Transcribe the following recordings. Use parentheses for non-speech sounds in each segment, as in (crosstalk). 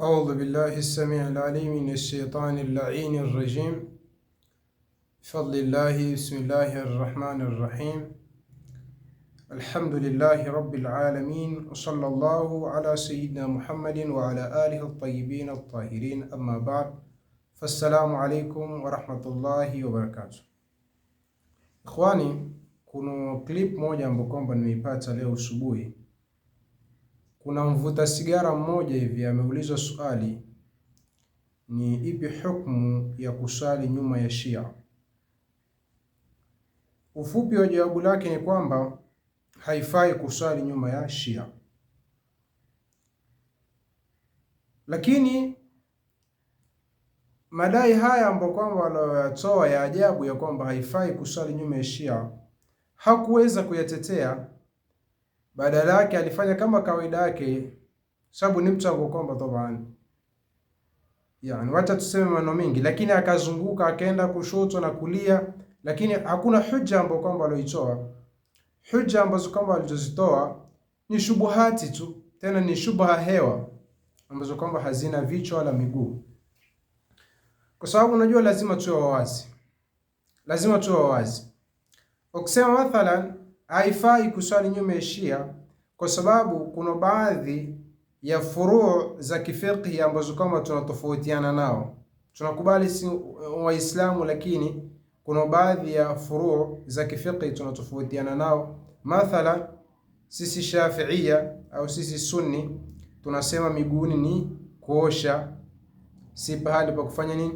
أعوذ بالله السميع العليم من الشيطان اللعين الرجيم بفضل الله بسم الله الرحمن الرحيم الحمد لله رب العالمين وصلى الله على سيدنا محمد وعلى آله الطيبين الطاهرين أما بعد فالسلام عليكم ورحمة الله وبركاته إخواني كنو كليب moja ambayo kwamba nimeipata leo Kuna mvuta sigara mmoja hivi ameulizwa swali, ni ipi hukumu ya kuswali nyuma ya Shia? Ufupi wa jawabu lake ni kwamba haifai kuswali nyuma ya Shia, lakini madai haya ambayo kwamba wanayoyatoa ya ajabu ya kwamba haifai kuswali nyuma ya Shia hakuweza kuyatetea badala yake alifanya kama kawaida yake, sababu ni mtu akokomba tabaan, yani wacha tuseme maneno mengi, lakini akazunguka akaenda kushoto na kulia, lakini hakuna hujja ambayo kwamba aloitoa. Hujja ambazo kwamba alizozitoa ni shubuhati tu, tena ni shubha hewa ambazo kwamba hazina vichwa wala miguu, kwa sababu unajua, lazima tuwe wazi, lazima tuwe wazi. Ukisema mathalan haifai kuswali nyuma ya Shia kwa sababu kuna baadhi ya furuu za kifiqhi ambazo kama tunatofautiana nao, tunakubali si Waislamu, lakini kuna baadhi ya furuu za kifiqhi tunatofautiana nao. Mathala sisi Shafiia au sisi Sunni tunasema miguuni ni kuosha, si pahali pa kufanya nini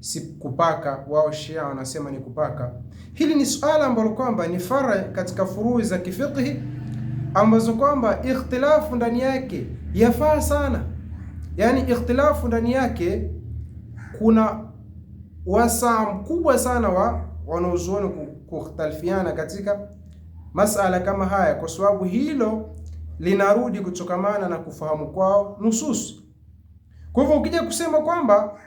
si kupaka, wao Shia wanasema ni kupaka. Hili ni suala ambalo kwamba ni fara katika furuhi za kifiqhi ambazo kwamba ikhtilafu ndani yake yafaa sana, yaani ikhtilafu ndani yake kuna wasaa mkubwa sana wa wanaozuoni kukhtalifiana katika masala kama haya, kwa sababu hilo linarudi kutokamana na kufahamu kwao nusus. Kwa hivyo ukija kusema kwamba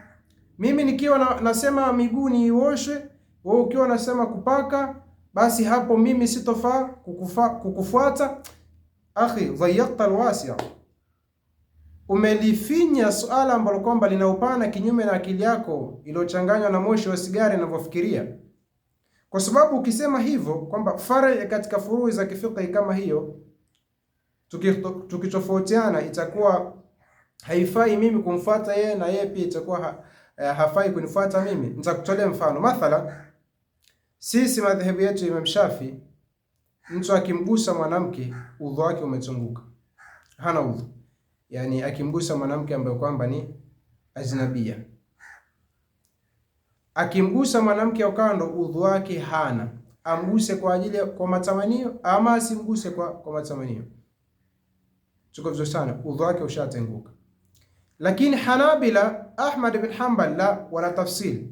mimi nikiwa na, nasema miguu niioshe, wewe ukiwa nasema kupaka, basi hapo mimi sitofaa kukufa, kukufuata. Akhi, dhayaqta alwasia, umelifinya suala ambalo kwamba lina upana kinyume na akili yako iliyochanganywa na moshi wa sigara inavyofikiria, kwa sababu ukisema hivyo kwamba far'i katika furui za kifiqhi kama hiyo, tukitofautiana itakuwa haifai mimi kumfuata yeye na yeye pia itakuwa eh, hafai kunifuata mimi. Nitakutolea mfano mathala, sisi madhehebu yetu Imam Shafi, mtu akimgusa mwanamke udhu wake umetunguka, hana udhu. Yani akimgusa mwanamke ambaye kwamba ni ajnabia, akimgusa mwanamke ukando, udhu wake hana, amguse kwa ajili kwa matamanio ama asimguse kwa, kwa matamanio. Tuko vizuri sana, udhu wake ushatenguka. Lakini Hanabila, Ahmad bin Hanbal la wana tafsil,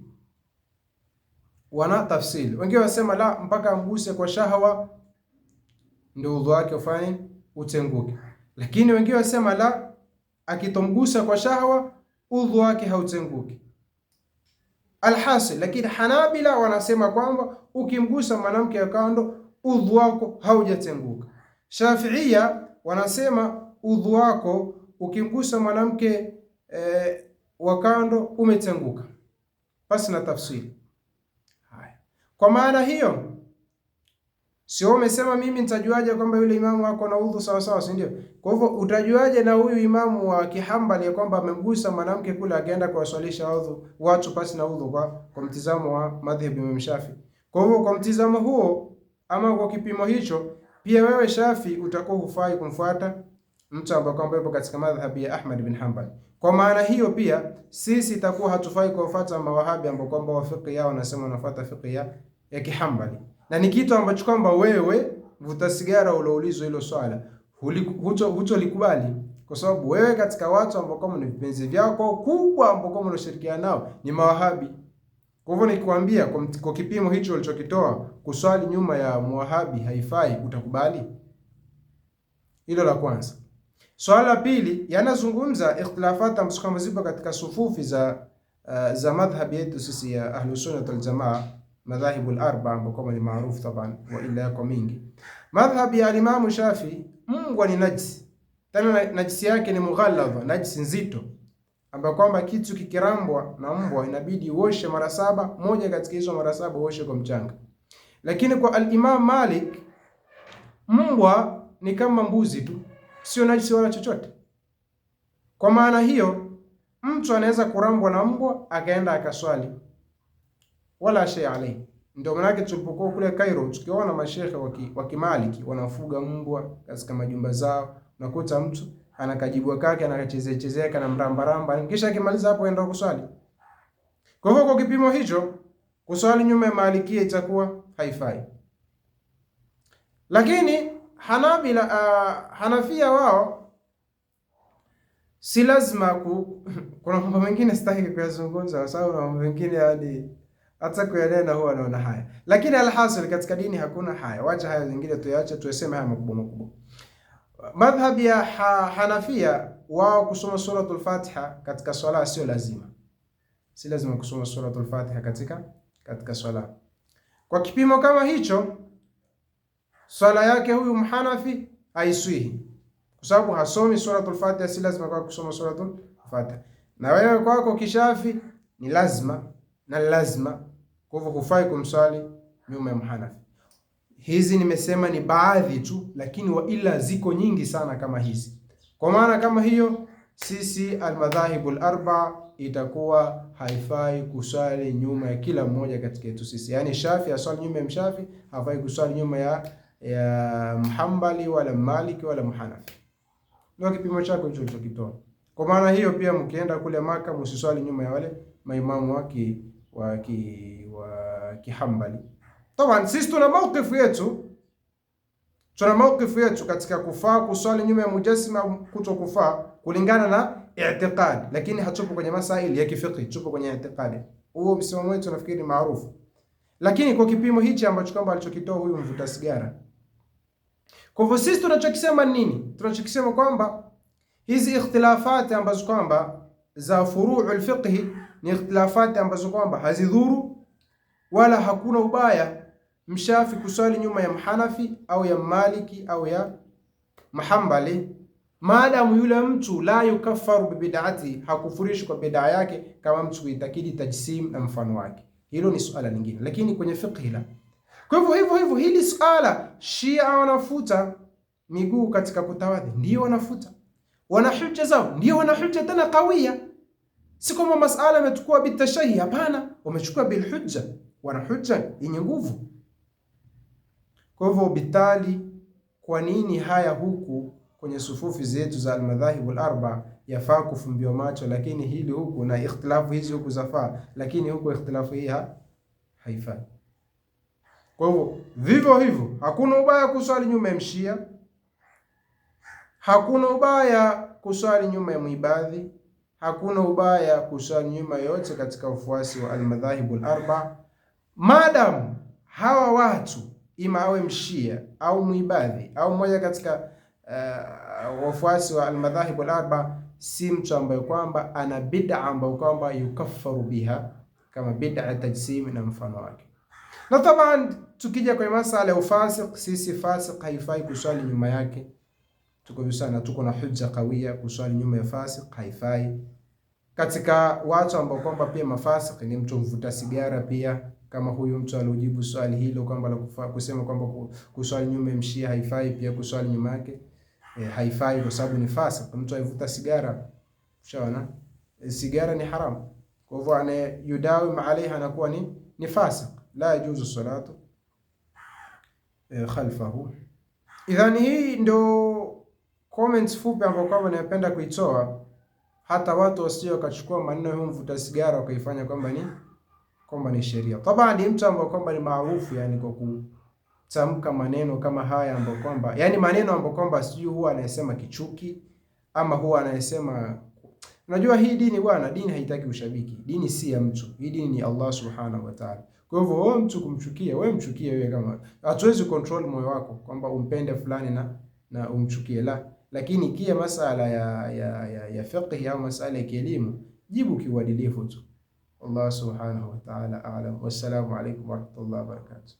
wana tafsil. Wengine wasema la, mpaka amguse kwa shahawa ndio udhu wake ufanye utenguke, lakini wengine wasema la, akitomgusa kwa shahawa udhu wake hautenguki. Alhasil, lakini Hanabila wanasema kwamba ukimgusa mwanamke kando udhu wako haujatenguka. Shafiia wanasema udhu wako ukimgusa mwanamke e, wa kando umetenguka pasi na tafsiri. Haya, kwa maana hiyo, sio umesema mimi nitajuaje kwamba yule imamu wako na udhu sawa sawa, si ndio? Kwa hivyo utajuaje na huyu imamu wa Kihambali ya kwamba amemgusa mwanamke kule akaenda kuwaswalisha udhu watu pasi na udhu, kwa, kwa mtizamo wa madhhabu Imam Shafi. Kwa hivyo kwa mtizamo huo ama kwa kipimo hicho, pia wewe Shafi utakuwa hufai kumfuata mtu ambaye kwamba yupo katika madhhabi ya Ahmad bin Hanbal. Kwa maana hiyo pia sisi itakuwa hatufai kuwafuata mawahabi ambao kwamba wafiki yao wanasema wanafuata fiki ya, ya kihambali na ni kitu ambacho kwamba wewe vuta sigara uloulizwa hilo swala hutolikubali kwa sababu wewe katika watu ambao kwamba ni vipenzi vyako kubwa ambao kwamba unashirikiana nao ni mawahabi. Kwa hivyo nikikwambia kwa kipimo hicho ulichokitoa kuswali nyuma ya mwahabi haifai, utakubali? Hilo la kwanza. Swala la pili yanazungumza ikhtilafat ambazo zipo katika sufufi za uh, za madhhabi yetu sisi ya Ahlus Sunnah wal Jamaa, madhahibu al-arba ambayo kama ni maarufu taban wa ila yako mingi. Madhhabi ya Imam Shafi, mbwa ni najisi, tena najisi yake ni mughalladha, najisi nzito, ambapo kwamba kitu kikirambwa na mbwa inabidi uoshe mara saba, moja katika hizo mara saba uoshe kwa mchanga. Lakini kwa al-Imam Malik mbwa ni kama mbuzi tu sio najisi wala chochote. Kwa maana hiyo, mtu anaweza kurambwa na mbwa akaenda akaswali wala shay alayhi. Ndio maanake tulipokuwa kule Cairo tukiona mashehe wa Kimaliki wanafuga mbwa katika majumba zao, nakuta mtu anakajibwa kake anakachezea chezea kana mrambaramba, kisha akimaliza hapo aenda kuswali. Kwa hivyo kwa kipimo hicho kuswali nyuma ya Malikia itakuwa haifai, lakini Hanabila uh, Hanafia wao si lazima ku, (laughs) kuna mambo mengine sitaki kuyazungumza kwa sababu na mambo mengine hadi hata kuyanena huwa naona haya, lakini alhasil katika dini hakuna haya. Wacha haya zingine tuyaache, tuyaseme haya makubwa makubwa. Madhhabi ya ha, Hanafia wao kusoma suratul Fatiha katika swala sio lazima, si lazima kusoma suratul Fatiha katika katika swala kwa kipimo kama hicho swala yake huyu mhanafi haiswihi, kwa sababu hasomi suratul Fatiha. Si lazima kwa kusoma suratul Fatiha, na wewe kwako kishafi ni lazima na lazima, kwa hivyo hufai kumswali nyuma ya mhanafi. Hizi nimesema ni baadhi tu, lakini wa ila ziko nyingi sana kama hizi. Kwa maana kama hiyo, sisi almadhahibul arba itakuwa haifai kuswali nyuma ya kila mmoja katika yetu sisi, yaani shafi aswali nyuma ya mshafi, hafai kuswali nyuma ya ya mhambali wala maliki wala mhanafi, ndio kipimo chako hicho ulichokitoa. Kwa maana hiyo, pia mkienda kule Maka msiswali nyuma ya wale maimamu waki ki wa ki wa kihambali. Tawan, sisi tuna mawkifu yetu, tuna mawkifu yetu katika kufaa kuswali nyuma ya mujasima, kuto kufaa kulingana na i'tiqad, lakini hatupo kwenye masaili ya kifiqhi, tupo kwenye i'tiqadi. Huo msimamo wetu nafikiri maarufu, lakini kwa kipimo hichi ambacho kwamba alichokitoa huyu mvuta sigara kwa hivyo sisi tunachokisema nini? Tunachokisema kwamba hizi ikhtilafati ambazo kwamba za furuu lfiqhi ni ikhtilafati ambazo kwamba hazidhuru wala hakuna ubaya mshafi kuswali nyuma ya mhanafi au ya maliki au ya mahambali maadamu yule mtu la yukafaru bid'ati, hakufurishi kwa bid'a yake, kama mtu kuitakidi tajsim na mfano wake. Hilo ni suala lingine, lakini kwenye fiqhi la kwa hivyo hivyo hivyo, hili suala Shia wanafuta miguu katika kutawadhi, ndio mm. wanafuta, wana hujja zao, ndio wana hujja tena kawia. Si kama masala yamechukua bitashahi, hapana, wamechukua bilhujja, wana hujja yenye nguvu. Kwa hivyo bitali, kwa nini haya huku kwenye sufufi zetu za almadhahib alarba yafaa kufumbiwa macho, lakini hili huku na ikhtilafu hizi huku zafaa, lakini huku ikhtilafu hii haifai. Kwa hivyo vivyo hivyo, hakuna ubaya kuswali nyuma ya mshia, hakuna ubaya kuswali nyuma ya mwibadhi, hakuna ubaya kuswali nyuma yote katika ufuasi wa almadhahibu arba, madamu hawa watu ima awe mshia au mwibadhi au mmoja katika uh, wafuasi wa almadhahibu arba si mtu ambaye kwamba ana bid'a ambayo kwamba yukaffaru biha kama bid'a tajsim na mfano wake na tabaan Tukija kwenye masala ya ufasik, sisi fasik haifai kuswali nyuma yake. Tuko vizuri na tuko na hujja kawia, kuswali nyuma ya fasik haifai. Katika watu ambao kwamba pia mafasik ni mtu mvuta sigara pia, kama huyu mtu aliojibu swali hilo kwamba la kusema kwamba kuswali nyuma mshia haifai, pia kuswali nyuma yake e, haifai kwa sababu ni fasik. Mtu aivuta sigara, ushaona e, sigara ni haramu, kwa hivyo anayudawi alaiha anakuwa ni ni fasik, la yajuzu salatu Eh, khalfahu. Idhan, hii ndo comments fupi ambayo kwamba napenda kuitoa hata watu wasio wakachukua maneno yao mvuta sigara wakaifanya kwamba ni kwamba ni sheria. Tabaa ni mtu ambaye kwamba ni maarufu yani kwa kutamka maneno kama haya ambayo kwamba yani maneno ambayo kwamba sijui huwa anayesema kichuki ama huwa anayesema Unajua hii dini bwana, dini haitaki ushabiki. Dini si ya mtu. Hii dini ni Allah Subhanahu wa Ta'ala. Kwa hivyo wewe mtu kumchukia, wewe mchukie wewe kama. Hatuwezi control moyo wako kwamba umpende fulani na na umchukie la. Lakini kia masala ya ya ya, ya fiqh au masala ya kielimu, jibu kiuadilifu tu. Allah subhanahu wa ta'ala a'lam. Wassalamu alaykum wa rahmatullahi wa barakatuh.